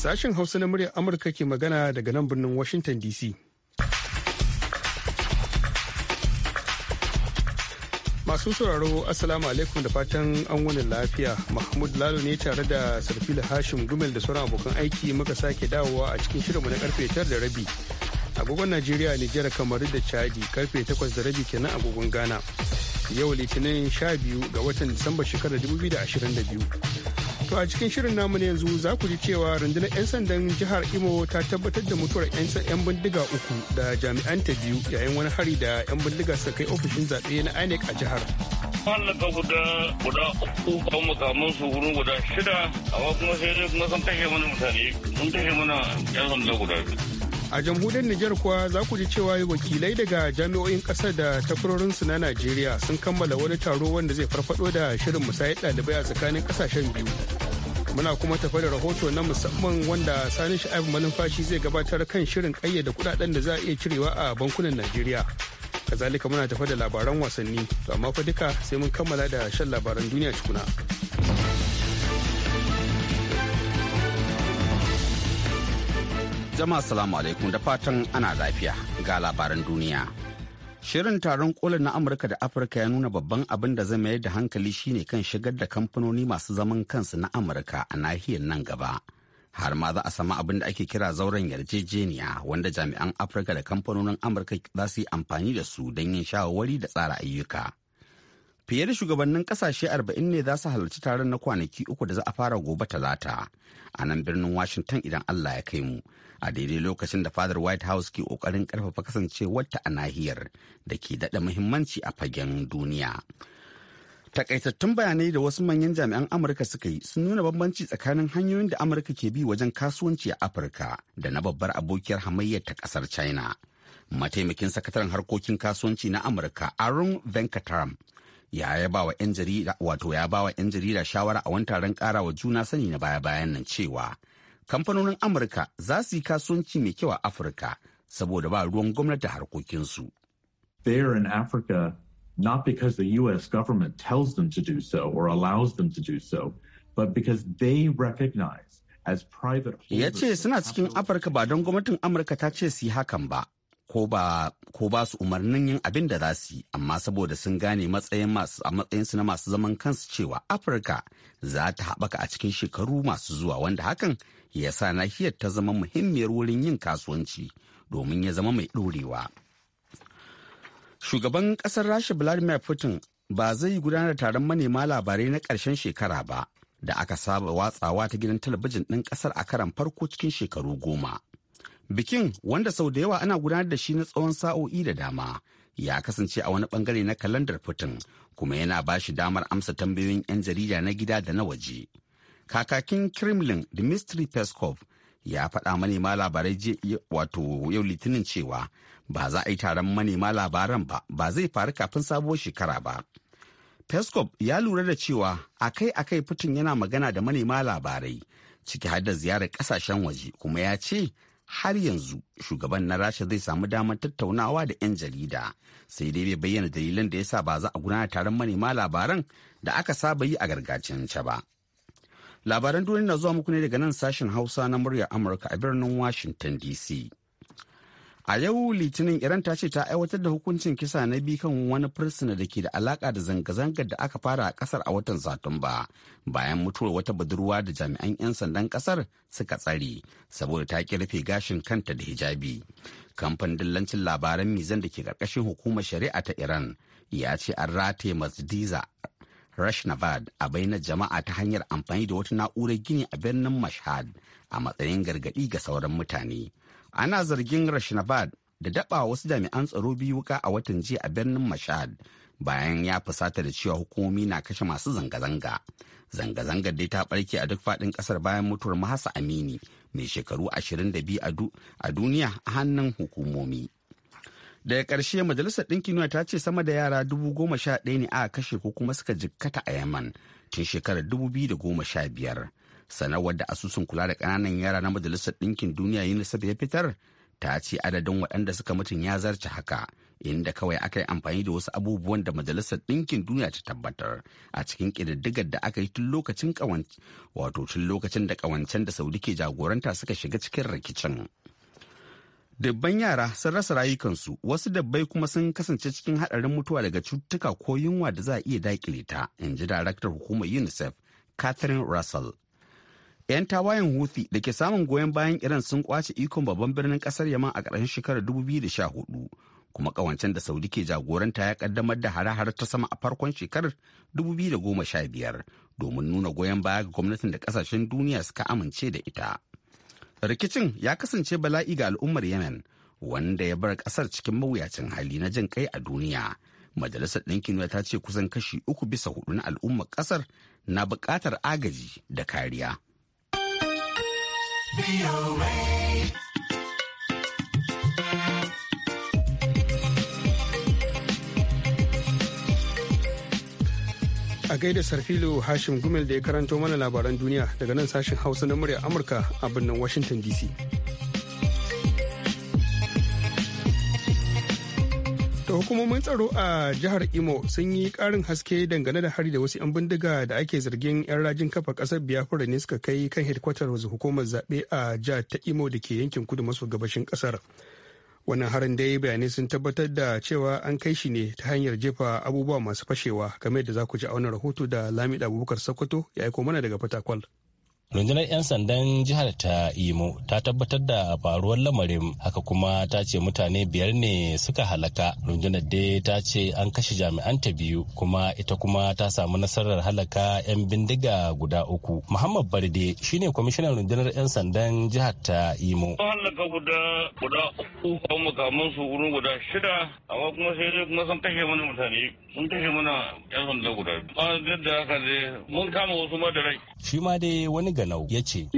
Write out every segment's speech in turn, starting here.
Sashen Hausa na muryar Amurka ke magana daga nan birnin Washington DC. Masu sauraro Assalamu alaikum da fatan an wani lafiya. Mahmud Lalo ne tare da Sarfila Hashim Gumel da sauran abokan aiki muka sake dawowa a cikin shirinmu na karfe tar da rabi. Agogon Najeriya, Nijar, Kamaru da Chadi karfe takwas da rabi kenan agogon Ghana. Yau Litinin 12 ga watan Disamba shekarar 2022. To a cikin shirin namu ne yanzu za ku ji cewa rundunar 'yan sandan jihar Imo ta tabbatar da mutuwar 'yan bindiga uku da jami'an ta biyu yayin wani hari da 'yan bindiga suka kai ofishin zaɓe na INEC a jihar. Mallaka guda guda uku kan makaman su wurin guda shida amma kuma sai dai kuma sun kashe mana mutane sun kashe mana 'yan sanda guda biyu. a jamhuriyar Nijar kuwa za ku ji cewa wakilai daga jami'o'in ƙasar da takwarorinsu na Najeriya sun kammala wani taro wanda zai farfado da shirin musayar ɗalibai a tsakanin ƙasashen biyu. Muna kuma tafa da rahoto na musamman wanda Sani Sha'ib Malumfashi zai gabatar kan shirin ƙayyade kuɗaɗen da za a iya cirewa a bankunan Najeriya. Kazalika muna tafa da labaran wasanni, to amma fa duka sai mun kammala da shan labaran duniya tukuna. Jama'a salamu alaikum da fatan ana lafiya ga labaran duniya. Shirin taron kola na Amurka da Afirka ya nuna babban abin da zai mayar da hankali shine kan shigar da kamfanoni masu zaman kansu na Amurka a nahiyar nan gaba. Har ma za a sama abin da ake kira zauren yarjejeniya wanda jami'an Afirka da kamfanonin Amurka za su yi amfani da su don yin shawarwari da tsara ayyuka. Fiye da shugabannin kasashe 40 ne za su halarci taron na kwanaki uku da za a fara gobe talata a nan birnin Washington idan Allah ya kai mu. A daidai lokacin da fadar White House ke kokarin karfafa kasancewarta a nahiyar da ke daɗa muhimmanci a fagen duniya. Takaitattun bayanai da wasu manyan jami'an Amurka suka yi sun nuna bambanci tsakanin hanyoyin da Amurka ke bi wajen kasuwanci a Afirka da na babbar abokiyar hamayyar ta kasar China. Mataimakin sakataren harkokin kasuwanci na Amurka Aaron Venkataram ya ya ba wa 'yan jarida wato ya ba wa 'yan jarida shawara a wani taron karawa juna sani na baya-bayan nan cewa kamfanonin amurka za su yi kasuwanci mai kyau a afirka saboda ba ruwan gwamnati harkokinsu they are in africa not because the us government tells them to do so or allows them to do so but because they recognize ya ce suna cikin afirka ba don gwamnatin amurka ta ce su yi hakan ba ko ba su umarnin yin abin da za su yi amma saboda sun gane matsayin a su na masu zaman kansu cewa afirka za ta haɓaka a cikin shekaru masu zuwa wanda hakan ya sa nahiyar ta zama muhimmiyar wurin yin kasuwanci domin ya zama mai ɗorewa shugaban ƙasar rasha vladimir putin ba zai gudanar taron manema labarai na ƙarshen shekara ba da aka saba watsawa ta gidan talabijin ɗin ƙasar a karan farko cikin shekaru goma Bikin wanda sau da yawa ana gudanar da shi na tsawon sa'o'i da dama ya kasance a wani bangare na kalandar fitin, kuma yana ba shi damar amsa tambayoyin 'yan jarida na gida da na waje. Kakakin Kremlin Dmitry Peskov ya faɗa manema labarai wato yau litinin cewa ba za a yi taron manema labaran ba ba zai faru kafin sabuwar shekara ba. Peskov ya lura da cewa akai-akai fitin yana magana da manema labarai ciki har da ziyarar kasashen waje kuma ya ce har yanzu shugaban na rasha zai samu damar tattaunawa da 'yan jarida sai dai bai bayyana dalilan da ya sa ba za a gudanar taron manema labaran da aka saba yi a gargajiyance ba labaran duniya na zuwa muku ne daga nan sashen hausa na muryar amurka a birnin washington dc A yau Litinin Iran ta ce ta aiwatar da hukuncin kisa na bi kan wani fursuna da ke da alaka da zanga-zangar da aka fara a kasar a watan Satumba bayan mutuwar wata budurwa da jami'an 'yan sandan kasar suka tsare saboda ta ki rufe gashin kanta da hijabi. Kamfanin dillancin labaran mizan da ke karkashin hukumar shari'a ta Iran ya ce an rataye Mazdiza Rashnavad a bainar jama'a ta hanyar amfani da wata na'urar gini a birnin Mashhad a matsayin gargaɗi ga sauran mutane. ana zargin rashnabad da daba wasu jami'an tsaro biyu wuka a watan jiya a birnin mashad bayan ya fusata da cewa hukumomi na kashe masu zanga-zanga zanga-zangar dai ta barke a duk faɗin ƙasar bayan mutuwar mahasa amini mai shekaru 22 a duniya a hannun hukumomi daga ƙarshe majalisar ɗinkin duniya ta ce sama da yara dubu goma sha ɗaya ne aka kashe ko kuma suka jikkata a yaman tun shekarar dubu biyu da goma sha biyar sanarwar da asusun kula da kananan yara na majalisar ɗinkin duniya unicef ya fitar ta ce adadin waɗanda suka mutun ya zarce haka inda kawai aka yi amfani da wasu abubuwan da majalisar ɗinkin duniya ta tabbatar a cikin ƙididdigar da aka yi tun lokacin wato tun lokacin da ƙawancen da saudi ke jagoranta suka shiga cikin rikicin dabban yara sun rasa rayukansu wasu dabbai kuma sun kasance cikin haɗarin mutuwa daga cututtuka ko yunwa da za a iya daƙile ta in ji daraktar hukumar unicef catherine russell 'yan tawayen huthi da ke samun goyon bayan iran sun kwace ikon babban birnin kasar yaman a ƙarshen shekarar 2014 kuma ƙawancen da saudi ke jagoranta ya kaddamar da hare-hare ta sama a farkon shekarar 2015 domin nuna goyon baya ga gwamnatin da ƙasashen duniya suka amince da ita rikicin ya kasance bala'i ga al'ummar yemen wanda ya bar ƙasar cikin mawuyacin hali na jin kai a duniya majalisar ɗinkin ta ce kusan kashi uku bisa hudu na al'ummar ƙasar na buƙatar agaji da kariya A gaida Sarfilo Hashim Gumel da ya karanto mana labaran duniya daga nan sashen Hausa na murya Amurka a birnin Washington DC. To hukumomin tsaro a jihar Imo sun yi karin haske dangane da hari da wasu 'yan bindiga da ake zargin 'yan rajin kafa kasar Biafra ne suka kai kan hedkwatar hukumar zaɓe a jihar ta Imo da ke yankin kudu maso gabashin kasar. Wannan harin dai bayanai sun tabbatar da cewa an kai shi ne ta hanyar jefa abubuwa masu fashewa game da za ku ji a wannan rahoto da Lamida Abubakar Sokoto ya aiko mana daga Fatakwal. rundunar 'yan sandan jihar ta imo ta tabbatar da faruwar lamarin haka kuma ta ce mutane biyar ne suka halaka rundunar dai ta ce an kashe jami'an ta biyu kuma ita kuma ta samu nasarar halaka 'yan bindiga guda uku muhammad barde shine kwamishinan rundunar 'yan sandan jihar ta imo halaka guda guda uku kuma makaman su wurin guda shida amma kuma sai dai kuma sun kashe mana mutane sun kashe mana 'yan sanda guda ba da haka dai mun kama wasu ma da rai shi ma dai wani Galau ya ce.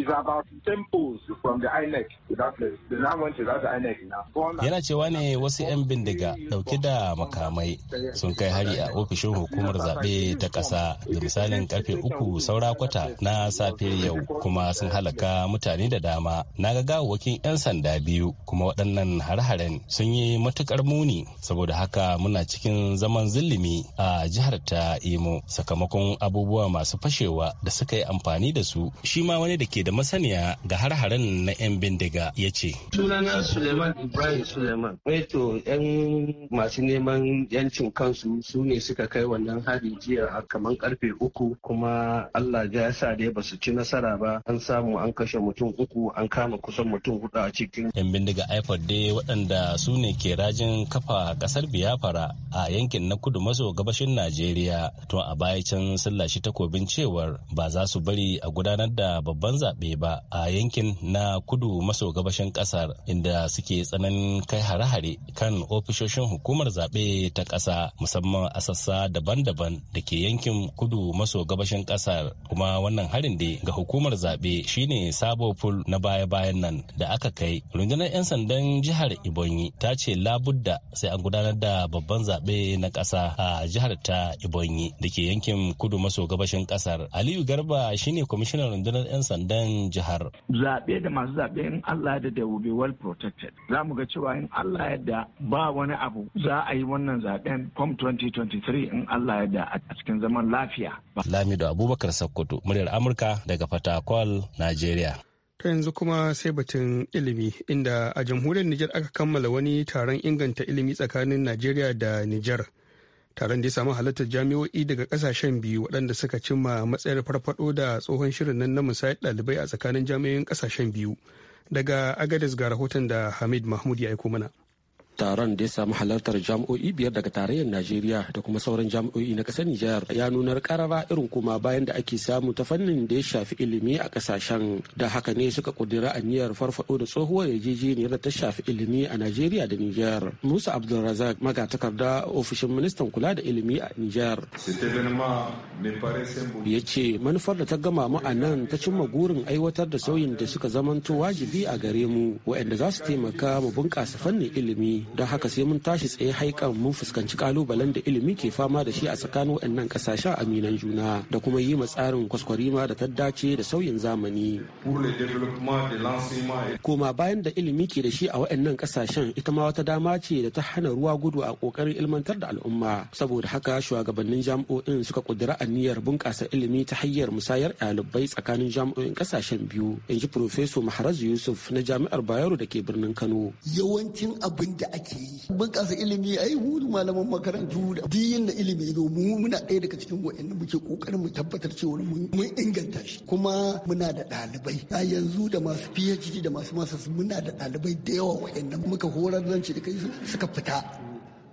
Yana cewa ne wasu 'yan bindiga dauke da makamai sun kai hari a ofishin hukumar zaɓe ta ƙasa da misalin karfe uku saura kwata na safe yau kuma sun halaka mutane da dama na ga gawakin 'yan sanda biyu kuma waɗannan har-haren sun yi matukar muni saboda haka muna cikin zaman zillimi a jihar ta imo sakamakon abubuwa masu fashewa da suka yi amfani da su shi ma wani da ke da masaniya ga har na 'yan bindiga ya ce. Sunana Suleiman Ibrahim Suleiman. Wato 'yan masu neman 'yancin kansu su ne suka kai wannan hari jiya a kamar karfe uku kuma Allah ya sa dai ba su ci nasara ba an samu an kashe mutum uku an kama kusan mutum hudu a cikin. 'Yan bindiga IFOD dai waɗanda su ne ke rajin kafa ƙasar Biyafara a yankin na kudu maso gabashin Najeriya. Tun a baya can sun lashe takobin cewar ba za su bari a gudanar da da babban zaɓe ba a yankin na kudu maso gabashin ƙasar inda suke tsananin kai hare-hare kan ofishoshin hukumar zaɓe ta ƙasa musamman a sassa daban-daban da ke yankin kudu maso gabashin ƙasar kuma wannan harin da ga hukumar zaɓe shine sabo ful na baya-bayan nan da aka kai rundunar 'yan sandan jihar ibonyi ta ce labudda sai an gudanar da babban zaɓe na ƙasa a jihar ta ibonyi da ke yankin kudu maso gabashin ƙasar aliyu garba shine kwamishinan rundunar rundunar 'yan sandan jihar. Zaɓe da masu zaɓe in Allah da da will be well protected. Za mu ga cewa in Allah yadda ba wani abu za a yi wannan zaɓen COM 2023 in Allah yadda a cikin zaman lafiya. Lamido Abubakar Sokoto, muryar Amurka daga Fatakwal, Najeriya. ta yanzu kuma sai batun ilimi inda a jamhuriyar Nijar aka kammala wani taron inganta ilimi tsakanin Najeriya da Nijar. taron da ya samu halartar jami'o'i daga kasashen biyu waɗanda suka cimma matsayar farfado da tsohon shirin nan na musayar ɗalibai a tsakanin jami'o'in kasashen biyu daga agadez ga rahoton da hamid mahmud ya aiko mana taron da ya samu halartar jami'o'i biyar daga tarayyar najeriya da kuma sauran jami'o'i na kasar nijar ya nunar karara irin kuma bayan da ake samu ta fannin da ya shafi ilimi a kasashen da haka ne suka a aniyar farfado da tsohuwar yarjejeniyar da ta shafi ilimi a najeriya da nijar musa abdulrazak magatakarda ofishin ministan kula da ilimi a nijar ya ce manufar da ta gama mu a nan ta cimma gurin aiwatar da sauyin da suka zamanto wajibi a gare mu waɗanda za su taimaka mu bunƙasa fannin ilimi Da don haka sai mun tashi tsaye haikan mun fuskanci kalubalen da ilimi ke fama da shi a tsakanin waɗannan a aminan juna da kuma yi ma tsarin kwaskwarima da ta dace da sauyin zamani. Koma bayan da ilimi ke da shi a waɗannan ƙasashen ita ma wata dama ce da ta hana ruwa gudu a ƙoƙarin ilmantar da al'umma saboda haka shugabannin jami'o'in suka a aniyar bunƙasa ilimi ta hanyar musayar ɗalibai tsakanin jami'o'in ƙasashen biyu in ji Profeso Maharaz Yusuf na Jami'ar Bayero da ke birnin Kano. Yawancin abin da ake yi bunƙasa ilimi a yi hudu malaman makarantu da diyin da ilimi zo mu muna ɗaya daga cikin wa'annan muke kokarin mu tabbatar cewa mun inganta shi kuma muna da ɗalibai a yanzu da masu PhD da masu masas muna da ɗalibai da yawa wa'annan muka horar zance da kai suka fita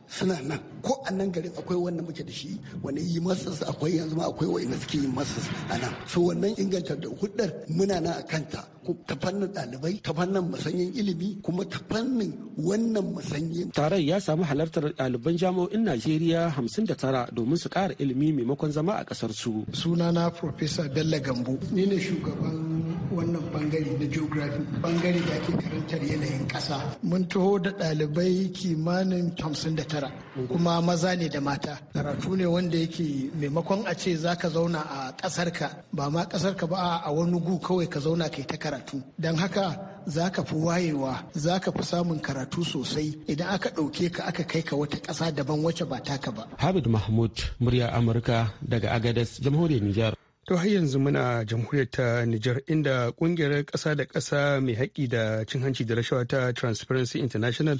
suna nan ko a nan garin akwai wannan muke da shi wani yi masas akwai yanzu ma akwai wani suke yi masas a nan so wannan inganta da hudar muna na a kanta ta fannin ɗalibai ta fannin masanyin ilimi kuma ta fannin wannan masanyin. taron ya samu halartar ɗaliban jami'o'in najeriya hamsin da tara domin su kara ilimi maimakon zama a ƙasar su. sunana professor bello gambo ni ne shugaban wannan bangare na geography bangare da ake karantar yanayin ƙasa mun taho da ɗalibai kimanin hamsin da tara kuma maza ne da mata karatu ne wanda yake maimakon a ce za ka zauna a ƙasarka ba ma ƙasarka ba a wani gu kawai ka zauna kai ta karatu don haka za ka fi wayewa za ka fi samun karatu sosai idan aka ɗauke ka aka kai ka wata ƙasa daban wacce ba taka ba. Habib Mahmud murya Amurka daga Agadez jamhuriyar Nijar. To har yanzu muna jamhuriyar ta Nijar inda kungiyar ƙasa da ƙasa mai haƙƙi da cin hanci da rashawa ta Transparency International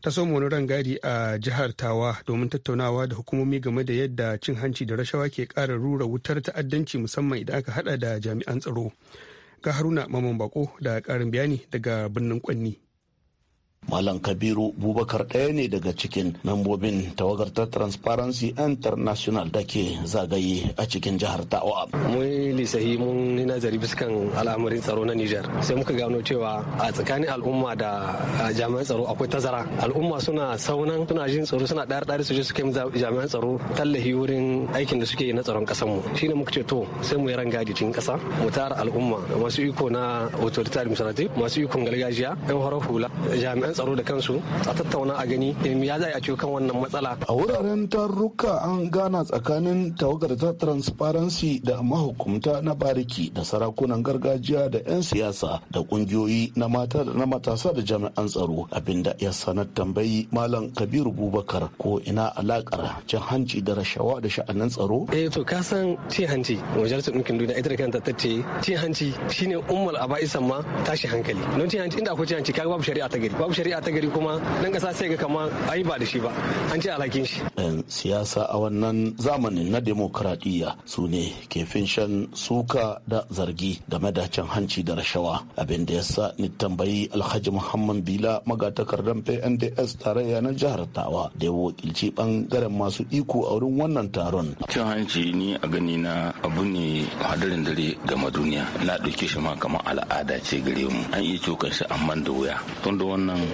ta soma wani rangadi a jihar Tawa domin tattaunawa da hukumomi game da yadda cin hanci da rashawa ke ƙara rura wutar ta'addanci musamman idan aka hada da jami'an tsaro. Ga Haruna Maman Bako da ƙarin bayani daga birnin Kwanni. Malam Kabiru Bubakar ɗaya ne daga cikin membobin tawagar ta Transparency International da ke zagaye a cikin jihar Tawa. Mun lisahi mun yi nazari biskan al'amarin tsaro na Nijar. Sai muka gano cewa a tsakanin al'umma da jami'an tsaro akwai tazara. Al'umma suna saunan suna jin tsaro suna ɗar ɗari su je su kai jami'an tsaro tallahi wurin aikin da suke yi na tsaron ƙasar mu. ne muka ce to sai mu yi rangadi cikin ƙasa mu tara al'umma masu iko na authority administrative masu ikon gargajiya yan horar hula jami'an tsaro da kansu a tattauna a gani ya za a ciwo kan wannan matsala. A wuraren tarurruka an gana tsakanin tawagar ta transparency da mahukumta na bariki da sarakunan gargajiya da 'yan siyasa da kungiyoyi na mata da na matasa da jami'an tsaro abinda ya sanar tambayi malam kabiru bubakar ko ina alakar cin hanci da rashawa da sha'anin tsaro. Eh to ka san cin hanci wajen su ɗinkin duniya ita da kanta ta ce cin hanci shine ummul aba'isan ma tashi hankali don cin hanci inda akwai cin hanci kaga babu shari'a ta gari babu shari'a ta gari kuma dan kasa sai ga kama ayi ba da shi ba an ce alhakin shi siyasa a wannan zamani na demokradiyya su ne ke shan suka da zargi game da cin hanci da rashawa abin da yasa ni tambayi alhaji muhammad bila magatakardan pnds tarayya na jihar tawa da ya wakilci bangaren masu iko a wurin wannan taron cin hanci ni a gani na abu ne hadarin dare gama duniya na ɗauke shi ma kamar al'ada ce gare mu an iya cokan shi amma da wuya tun da wannan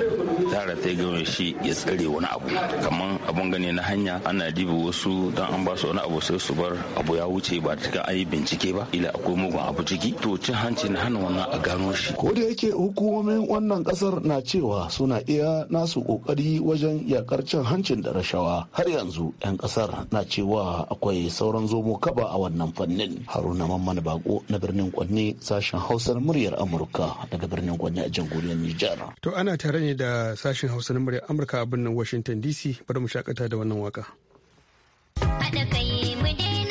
tara ta gama shi ya tsare wani abu kamar abun gani na hanya ana dibi wasu don an ba su wani abu sai su bar abu ya wuce ba cika an yi bincike ba ila akwai mugun abu ciki to cin hanci na hana wannan a gano shi ko da yake hukumomin wannan kasar na cewa suna iya nasu kokari wajen yakar cin hancin da rashawa har yanzu yan kasar na cewa akwai sauran zomo kaba a wannan fannin haruna mamman bako na birnin kwanne sashen hausar muryar amurka daga birnin kwanne a jamhuriyar nijar to tare ne da sashen hausa na murya amurka a birnin washington dc bari mu shakata da wannan waka. Haɗa mu dai.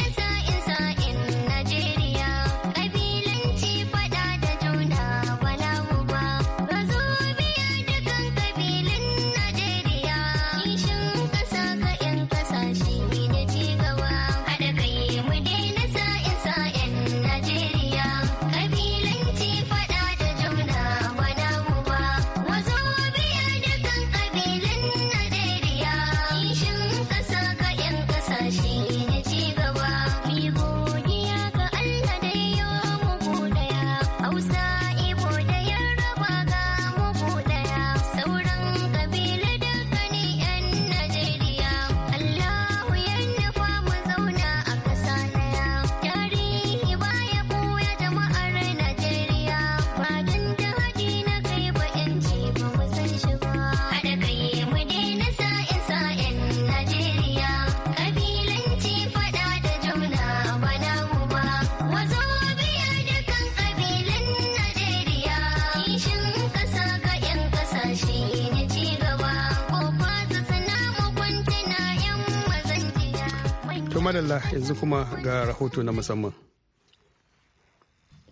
To madalla yanzu kuma ga rahoto na musamman.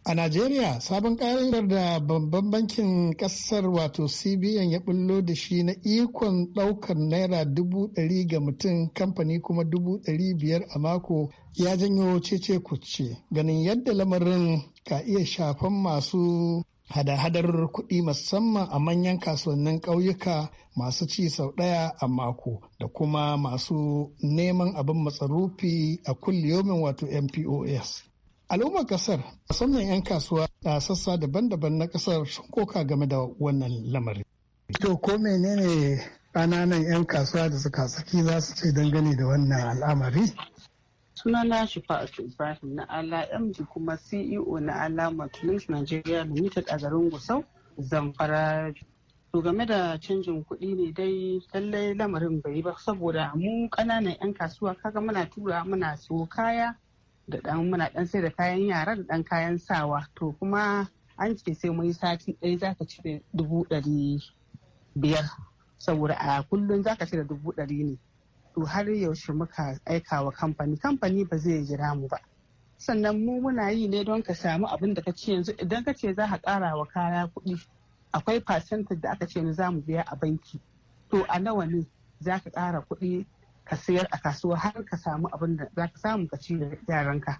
A Najeriya sabon ƙa'idar da babban bankin ƙasar wato CBN ya bullo da shi na ikon ɗaukar naira dubu ɗari ga mutum kamfani kuma dubu ɗari biyar a mako ya janyo cece kuce ganin yadda lamarin ka iya shafan masu hada-hadar kuɗi musamman a manyan kasuwannin ƙauyuka masu ci sau ɗaya a mako da kuma masu neman abin matsarufi a kulliyomin wato mpos al'ummar kasar musamman 'yan kasuwa a sassa daban-daban na kasar sun koka game da wannan lamari to ko menene ƙananan 'yan kasuwa da suka saki za su ce dangane da wannan al'amari sunana shifa'atu ibrahim na ALA,MD kuma ceo na ala multilink nigeria limited a garin gusau zamfara to game da canjin kuɗi ne dai lallai lamarin bai ba saboda mu ƙananan 'yan kasuwa kaga muna tura muna siyo kaya da ɗan muna ɗan sai da kayan yara da ɗan kayan sawa to kuma an ce sai mun sati ɗaya za ka cire dubu ɗari biyar saboda a kullum za ka cire dubu ɗari ne to har yaushe muka aika wa kamfani kamfani ba zai jira mu ba sannan mu muna yi ne don ka samu abin da ka ce yanzu idan ka ce za ka kara wa kaya kuɗi akwai fasinta da aka ce za mu biya a banki to a nawa ne za ka kara kuɗi ka sayar a kasuwa har ka samu abin da za ka samu ka ci da yaranka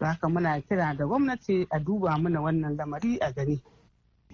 haka muna kira da gwamnati a duba mana wannan lamari a gani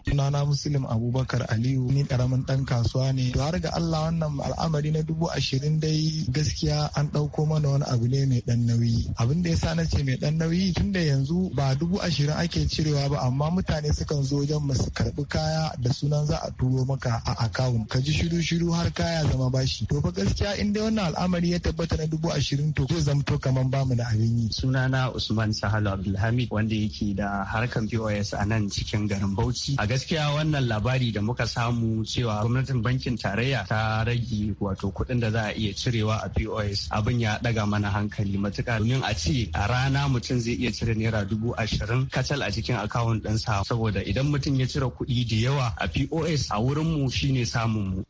Sunana Muslim Abubakar Aliyu ni karamin dan kasuwa ne. To har ga Allah wannan al'amari na dubu ashirin dai gaskiya an ɗauko mana wani abu ne mai ɗan nauyi. Abin da yasa na ce mai ɗan nauyi tun da yanzu ba dubu ashirin ake cirewa ba amma mutane sukan zo wajen masu karɓi kaya da sunan za a turo maka a akawun. Ka ji shiru-shiru har kaya zama bashi. To fa gaskiya in dai wannan al'amari ya tabbata na dubu ashirin to zai zamto kamar bamu da abin yi. Sunana Usman Sahalo Abdulhamid wanda yake da harkan POS a nan cikin garin Bauchi gaskiya wannan labari da muka samu cewa gwamnatin bankin tarayya ta rage wato kuɗin da za a iya cirewa a pos abin ya ɗaga mana hankali matuƙa domin a ce a rana mutum zai iya cire naira dubu ashirin kacal a cikin akawun ɗinsa saboda idan mutum ya cire kuɗi da yawa a pos a wurin mu shine samun mu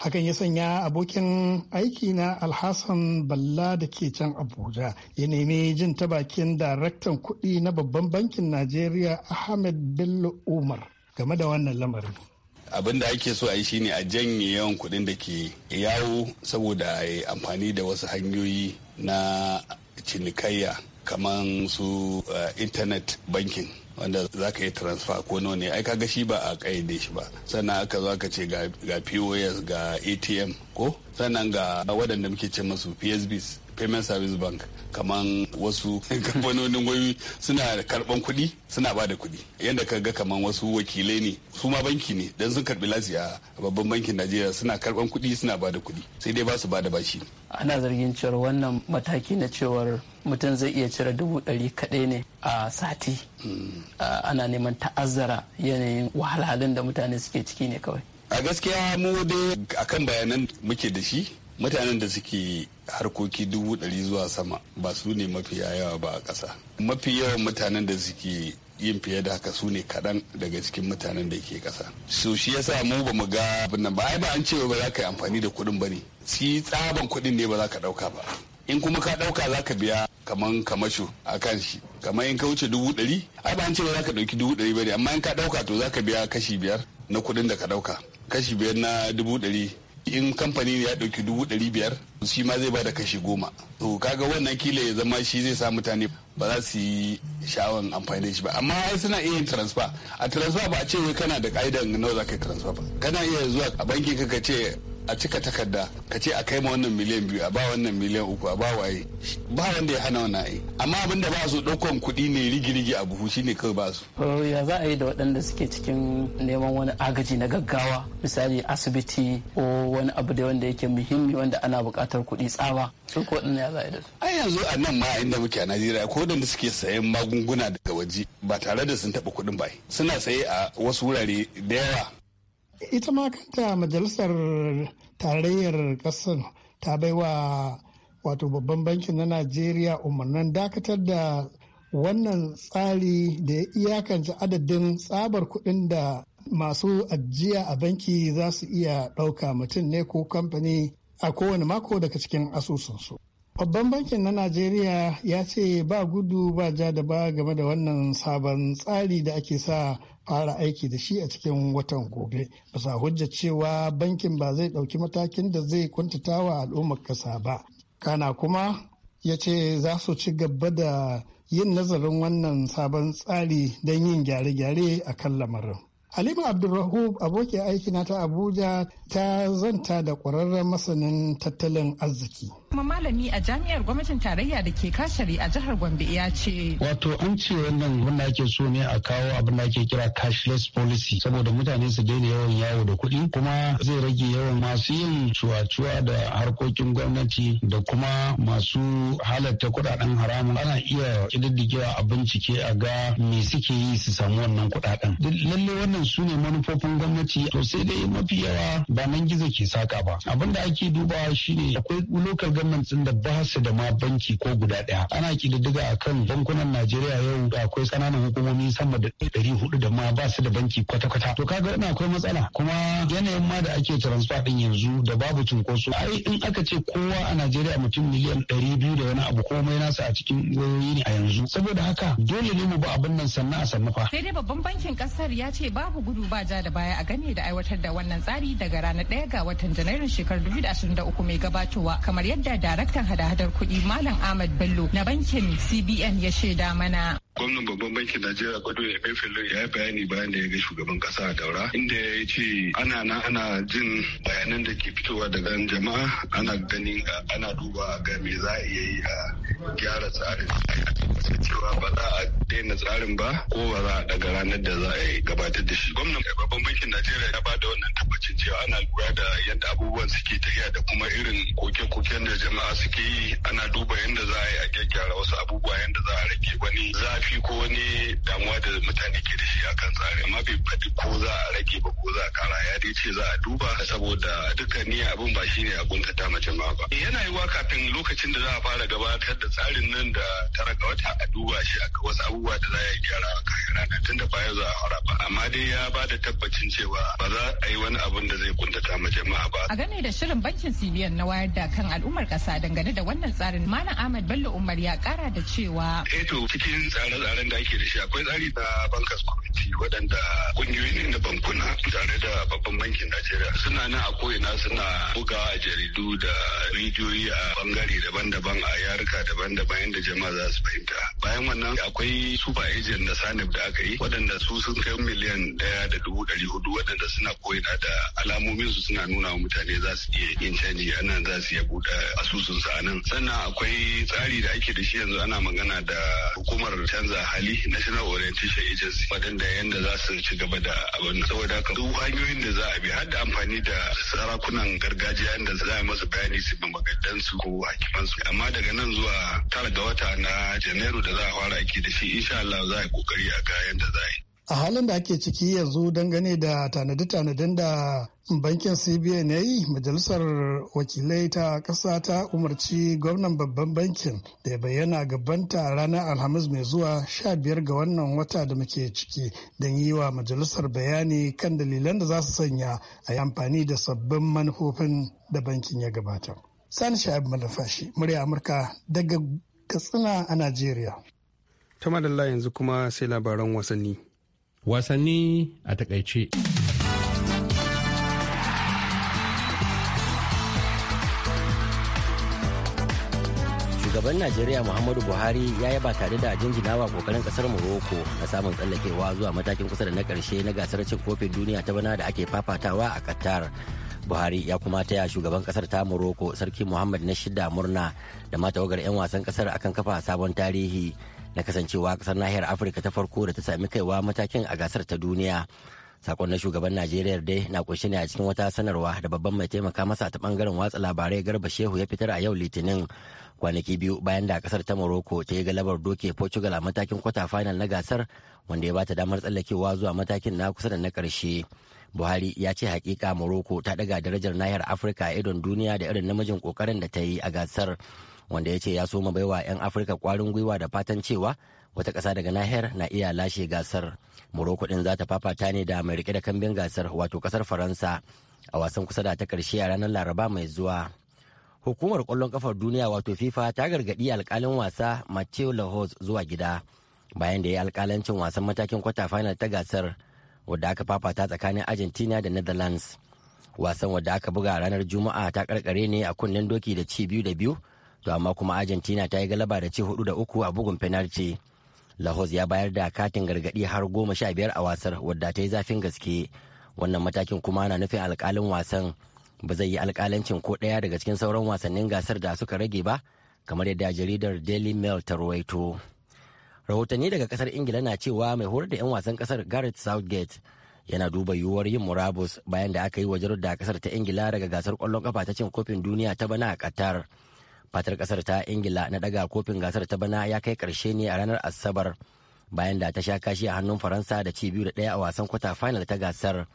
hakan ya sanya abokin aiki na alhassan balla da ke can abuja ya nemi jin ta bakin daraktan kuɗi na babban bankin najeriya ahmed bello umar game da wannan lamarin abin da ake so a yi shine a janye yawan kuɗin da ke yawo saboda a yi amfani da wasu hanyoyi na cinikayya kamar su eh, internet banking wanda za ka yi transfer ko nawa ne ai kaga shi ba a kayyade shi ba sannan aka zo ka ce ga pos ga atm ko sannan ga waɗanda muke ce masu psbs payment service bank kamar wasu kamfanonin wayoyi suna karban kuɗi suna ba da kuɗi yadda ka ga kaman wasu wakilai ne su ma banki ne don sun karbi lasi a babban bankin najeriya suna karban kuɗi suna ba da kuɗi sai dai ba su ba da bashi ana zargin cewar wannan mataki na cewar mutum zai iya cire dubu ɗari kaɗai ne a sati hmm. ah, ana neman ta'azzara yanayin wahalhalun da mutane suke ciki ne kawai a gaskiya mu dai akan bayanan muke da shi mutanen da suke harkoki dubu ɗari zuwa sama ba su ne mafi yawa ba a ƙasa mafi yawan mutanen da suke yin fiye da haka su ne kaɗan daga cikin mutanen da ke ƙasa so shi yasa mu ba mu ga abin nan ba ai ba an cewa ba za ka yi amfani da kuɗin ba ne shi tsaban kuɗin ne ba za ka ɗauka ba in kuma ka ɗauka za ka biya kaman kamasho a kan shi kamar in ka wuce dubu ɗari ai ba an ce za ka ɗauki dubu ɗari ba ne amma in ka ɗauka to za ka biya kashi biyar na kuɗin da ka ɗauka kashi biyar na dubu ɗari in kamfani ne ya ɗauki dubu ɗari biyar shi ma zai bada kashi goma to kaga wannan kila ya zama shi zai sa mutane ba za su yi sha'awar amfani da shi ba amma suna iya yin transfer a transfer ba a ce wai kana da ka'idan nawa za ka yi transfer ba kana iya zuwa a bankin ka ka ce a cika takarda ka ce a kai ma wannan miliyan biyu a ba wannan miliyan uku a ba waye ba wanda ya hana wani amma abin ba su ɗaukan kuɗi ne rigirigi a buhu shine kawai ba su. ya za a yi da waɗanda suke cikin neman wani agaji na gaggawa misali asibiti ko wani abu da wanda yake muhimmi wanda ana buƙatar kuɗi tsawa su ko ɗin ya za a yi da su. ai yanzu a nan ma inda muke a najeriya ko waɗanda suke sayan magunguna daga waje ba tare da sun taɓa kuɗin ba suna saye a wasu wurare da yawa ita ma kanta majalisar tarayyar ƙasar ta baiwa wato babban bankin na najeriya umarnin dakatar da wannan tsari da ya iyakance adadin tsabar kuɗin da masu ajiya a banki za su iya ɗauka mutum ne ko kamfani a kowane mako daga cikin asusunsu. Babban bankin na Najeriya ya ce ba gudu ba ja da ba game da wannan sabon tsari da ake sa fara aiki da shi a cikin watan gobe bisa hujja cewa bankin ba zai ɗauki matakin da zai kuntata wa al'ummar kasa ba kana kuma ya ce za su ci gaba da yin nazarin wannan sabon tsari don yin gyare-gyare a kan lamarin Halima Abdulrahub aboki aikina ta Abuja ta zanta da ƙwararren masanin tattalin arziki. Kuma malami a jami'ar gwamnatin tarayya da ke kashari a jihar Gombe ya ce. Wato an ce wannan wanda ake so ne a kawo abin da ake kira cashless policy saboda mutane su daina yawan yawo da kuɗi kuma zai rage yawan masu yin cuwa-cuwa da harkokin gwamnati da kuma masu halatta kuɗaɗen haramun ana iya ƙididdigewa a bincike a ga me suke yi su samu wannan kuɗaɗen. Lallai wannan wannan su ne manufofin gwamnati to sai dai mafi yawa ba nan gizo ke saka ba abin da ake dubawa shine akwai local gannan din da ba su da ma banki ko guda daya ana kididdiga akan bankunan Najeriya yau da akwai kananan hukumomi sama da ɗari hudu da ma ba su da banki kwata-kwata to kaga ina akwai matsala kuma yanayin ma da ake transfer din yanzu da babu cunkoso ai in aka ce kowa a Najeriya mutum miliyan ɗari biyu da wani abu komai nasa a cikin wayoyi ne a yanzu saboda haka dole ne mu ba abin nan sannan a sannafa sai dai babban bankin kasar ya ce ba babu gudu ba ja da baya a gane da aiwatar da wannan tsari daga ranar ɗaya ga watan janairun shekarar 2023 mai gabatowa kamar yadda daraktan hada-hadar kuɗi malam ahmad bello na bankin cbn ya shaida mana gwamnan babban bankin najeriya bado ya mefilo ya yi bayani bayan da ya ga shugaban kasa a daura inda ya ce ana na ana jin bayanan da ke fitowa daga jama'a ana ganin ana duba ga me za a iya yi a gyara tsarin a cewa ba za a daina tsarin ba ko ba za a daga ranar da za a yi gabatar da shi gwamnan babban bankin najeriya ya ba da wannan tabbacin cewa ana lura da yadda abubuwan suke tafiya da kuma irin koke-koken da jama'a suke yi ana duba yadda za a yi a gyaggyara wasu abubuwa yadda za a rage wani zafi ƙarfi ko wani damuwa da mutane ke da shi akan tsari amma bai faɗi ko za a rage ba ko za a kara ya dai ce za a duba saboda dukkan ni abin ba shine abin ta mace jama'a ba yana yiwa kafin lokacin da za a fara gabatar da tsarin nan da tara ga wata a duba shi a wasu abubuwa da za a yi gyara a kayan ranar tun da bayan za a fara ba amma dai ya ba da tabbacin cewa ba za a yi wani abin da zai mace ma jama'a ba a gane da shirin bankin cbn na wayar da kan al'ummar kasa dangane da wannan tsarin malam ahmad bello umar ya kara da cewa Eto eh cikin tsare tsare-tsaren da ake da shi akwai tsari na bankers committee waɗanda ƙungiyoyi ne na bankuna tare da babban bankin najeriya suna nan a ko'ina suna buga a jaridu da rijiyoyi a bangare daban-daban a yaruka daban-daban yadda jama'a za su fahimta bayan wannan akwai super agent na sanib da aka yi waɗanda su sun kai miliyan ɗaya da dubu ɗari hudu waɗanda suna koyina da alamomin su suna nuna wa mutane za su iya yin canji a nan za su iya buɗe asusun sa nan sannan akwai tsari da ake da shi yanzu ana magana da hukumar ta canza hali national orientation agency waɗanda yanda za su ci gaba da abin saboda haka duk hanyoyin da za a bi har da amfani da sarakunan gargajiya da za a masa bayani su magadan su ko hakiman su amma daga nan zuwa tara ga wata na janairu da za a fara aiki da shi insha Allah za a yi kokari a ga yanda za a yi a halin da ake ciki yanzu dangane da tanade tanadin da bankin cbn ya yi majalisar wakilai ta ƙasa ta umarci gwamnan babban bankin da ya bayyana gabanta ranar alhamis mai zuwa 15 ga wannan wata da muke ciki don yi wa majalisar bayani kan dalilan da za su sanya a yi amfani da sabbin manufofin da bankin ya gabata sani sha'ib malafashi murya amurka daga katsina a najeriya ta madalla yanzu kuma sai labaran wasanni wasanni a takaice. shugaban najeriya muhammadu buhari ya yaba tare da jinjinawa kokarin kasar morocco na samun tsallakewa zuwa matakin kusa da na karshe na gasar cin kofin duniya ta bana da ake fafatawa a qatar buhari ya kuma taya shugaban kasar ta morocco sarki muhammad na shida murna da matawagar 'yan wasan kasar akan kafa sabon tarihi na kasancewa kasar nahiyar afirka ta farko da ta sami kaiwa matakin a gasar ta duniya sakon na shugaban najeriya dai na kunshi ne a cikin wata sanarwa da babban mai taimaka masa ta bangaren watsa labarai garba shehu ya fitar a yau litinin kwanaki biyu bayan da kasar ta morocco ta yi galabar doke portugal a matakin kwata final na gasar wanda ya bata damar tsallakewa zuwa matakin na kusa da na karshe buhari ya ce hakika morocco ta daga darajar nahiyar afirka a idon duniya da irin namijin kokarin da ta yi a gasar wanda ya ce ya soma baiwa 'yan afirka kwarin gwiwa da fatan cewa wata ƙasa daga nahiyar na iya lashe gasar morocco din za ta fafata ne da mai rike da kambin gasar wato kasar faransa a wasan kusa da ta ƙarshe a ranar laraba mai zuwa hukumar ƙwallon kafar duniya wato fifa ta gargaɗi alkalin wasa mateo lahoz zuwa gida bayan da ya yi alƙalancin wasan matakin kwata final ta gasar wadda aka fafata tsakanin argentina da netherlands wasan wadda aka buga ranar juma'a ta karkare ne a kunnen doki da ci biyu da biyu to amma kuma argentina ta yi galaba da ci hudu da uku a bugun penalty lahos ya bayar da katin gargadi har goma sha biyar a wasar wadda ta yi zafin gaske wannan matakin kuma na nufin alkalin wasan ba zai yi alkalancin ko daya daga cikin sauran wasannin gasar da suka rage ba kamar yadda jaridar daily mail ta rawaito rahotanni daga kasar ingila na cewa mai horar da 'yan wasan kasar gareth southgate yana duba yiwuwar yin murabus bayan da aka yi wajen da kasar ta ingila daga gasar kwallon kafa ta cin kofin duniya ta bana a qatar fatar kasar ta ingila na daga kofin gasar ta bana ya kai karshe ne a ranar asabar bayan da ta sha kashi a hannun faransa da ci biyu da ɗaya a wasan kwata final ta gasar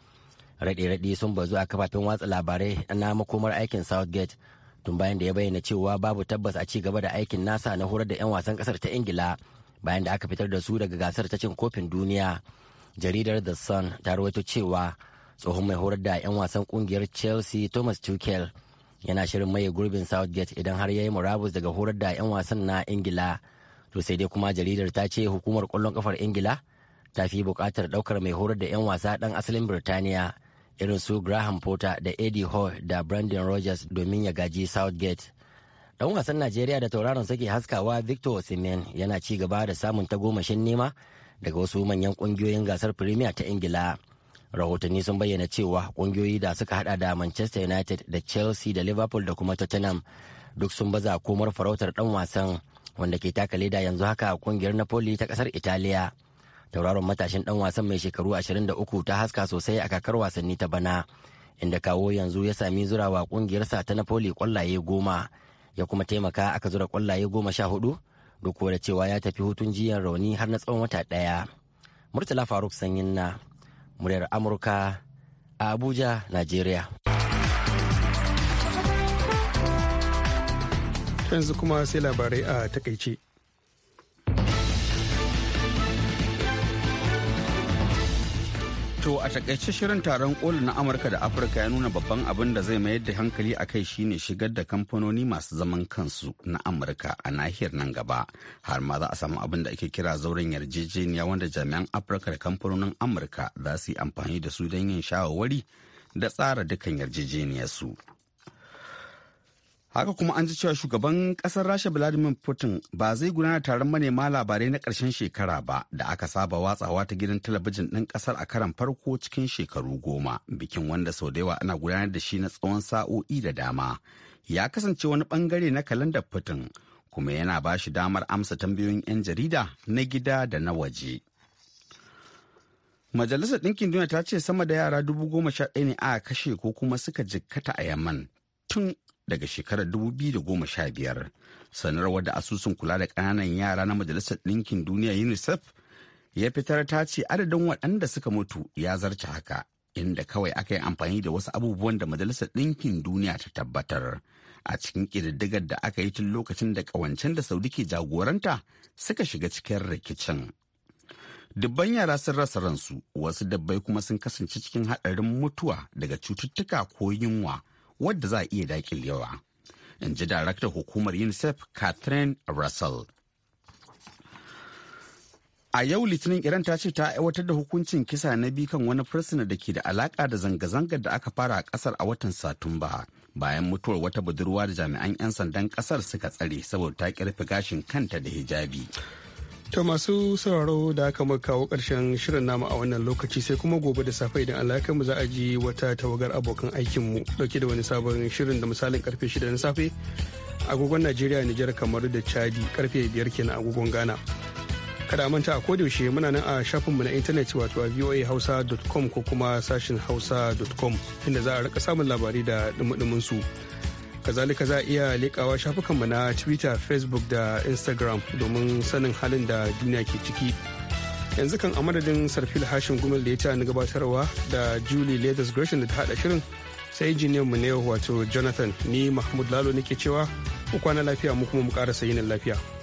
raɗe-raɗe sun bazu a kafafen watsa labarai na makomar aikin southgate tun bayan da ya bayyana cewa babu tabbas a ci gaba da aikin nasa na horar da 'yan wasan kasar ta ingila bayan da aka fitar da su daga gasar ta cin kofin duniya jaridar the sun ta rawaito cewa tsohon mai horar da 'yan wasan kungiyar chelsea thomas tuchel yana shirin maye gurbin southgate idan har ya yi murabus daga horar da 'yan wasan na ingila to sai dai kuma jaridar ta ce hukumar kwallon kafar ingila ta fi bukatar daukar mai horar da 'yan wasa dan asalin birtaniya irin su graham potter da eddie hall da brandon rogers domin ya gaji southgate dan wasan najeriya da tauraron sake haskawa victor osimhen yana ci gaba da samun ta tagomashin nema daga wasu manyan kungiyoyin gasar premier ta ingila rahotanni sun bayyana cewa kungiyoyi da suka hada da manchester united da chelsea da liverpool da kuma tottenham duk sun baza komar farautar dan wasan wanda ke taka leda yanzu haka kungiyar napoli ta kasar italiya tauraron matashin dan wasan mai shekaru 23 ta haska sosai a kakar wasanni ta bana inda kawo yanzu ya sami zurawa kungiyarsa ta napoli kwallaye goma ya kuma taimaka aka zura kwallaye goma sha hudu duk da cewa ya tafi hutun jiyan rauni har na tsawon wata ɗaya murtala faruk sanyin na muryar Amurka a Abuja, Najeriya. Yanzu kuma sai labarai a takaice. To a takaice shirin taron koli na Amurka da Afirka ya nuna babban abin da zai mayar da hankali a kai shine shigar da kamfanoni masu zaman kansu na Amurka a nahiyar nan gaba. Har ma za a samu abin da ake kira zauren yarjejeniya wanda jami'an Afirka da kamfanonin Amurka za su yi amfani da su don yin shawarwari da tsara dukkan yarjejeniyarsu. su. haka kuma an ji cewa shugaban kasar rasha vladimir putin ba zai gudana taron manema labarai na karshen shekara ba da aka saba watsawa ta gidan talabijin ɗin kasar a karan farko cikin shekaru goma bikin wanda sau da yawa ana gudanar da shi na tsawon sa'o'i da dama ya kasance wani bangare na kalandar putin kuma yana ba shi damar amsa tambayoyin 'yan jarida na gida da na waje. Majalisar Ɗinkin Duniya ta ce sama da yara dubu goma sha ɗaya ne aka kashe ko kuma suka jikkata a Yaman tun daga shekarar 2015 sanarwar da asusun kula da ƙananan yara na majalisar ɗinkin duniya unicef ya fitar ta ce adadin waɗanda suka mutu ya zarce haka inda kawai aka yi amfani da wasu abubuwan da majalisar ɗinkin duniya ta tabbatar a cikin ƙididdigar da aka yi tun lokacin da ƙawancen da saudi ke jagoranta suka shiga cikin rikicin dubban yara sun rasa ransu wasu dabbai kuma sun kasance cikin haɗarin mutuwa daga cututtuka ko yunwa wadda za a iya dakilewa in ji daraktar hukumar unicef catherine russell a yau litinin iran ta ce ta aiwatar da hukuncin kisa na biyu kan wani fursuna da ke da alaka da zanga-zangar da aka fara a kasar a watan satumba bayan mutuwar wata budurwa da jami'an 'yan sandan kasar suka tsare saboda ta kirfi gashin kanta da hijabi To masu sauraro da aka muka kawo ƙarshen shirin namu a wannan lokaci sai kuma gobe da safe idan Allah mu za a ji wata tawagar abokan aikinmu dauke da wani sabon shirin da misalin karfe 6 na safe agogon Najeriya Nijar kamar da Chadi karfe 5 kenan agogon Ghana. Kada manta a yaushe muna nan a shafinmu na intanet wato a voahausa.com ko kuma sashin hausa.com inda za a rika samun labari da dumudumin su. kazalika za a iya leƙawa shafukanmu na twitter facebook da instagram domin sanin halin da duniya ke ciki yanzu kan a madadin sarfil hashin gumel da ya ta ni gabatarwa da julie leathers gresham da ta haɗa shirin sai jiniyar mu ne wato jonathan ni mahmud lalo nake cewa ku kwana lafiya mu kuma mu ƙara yinin lafiya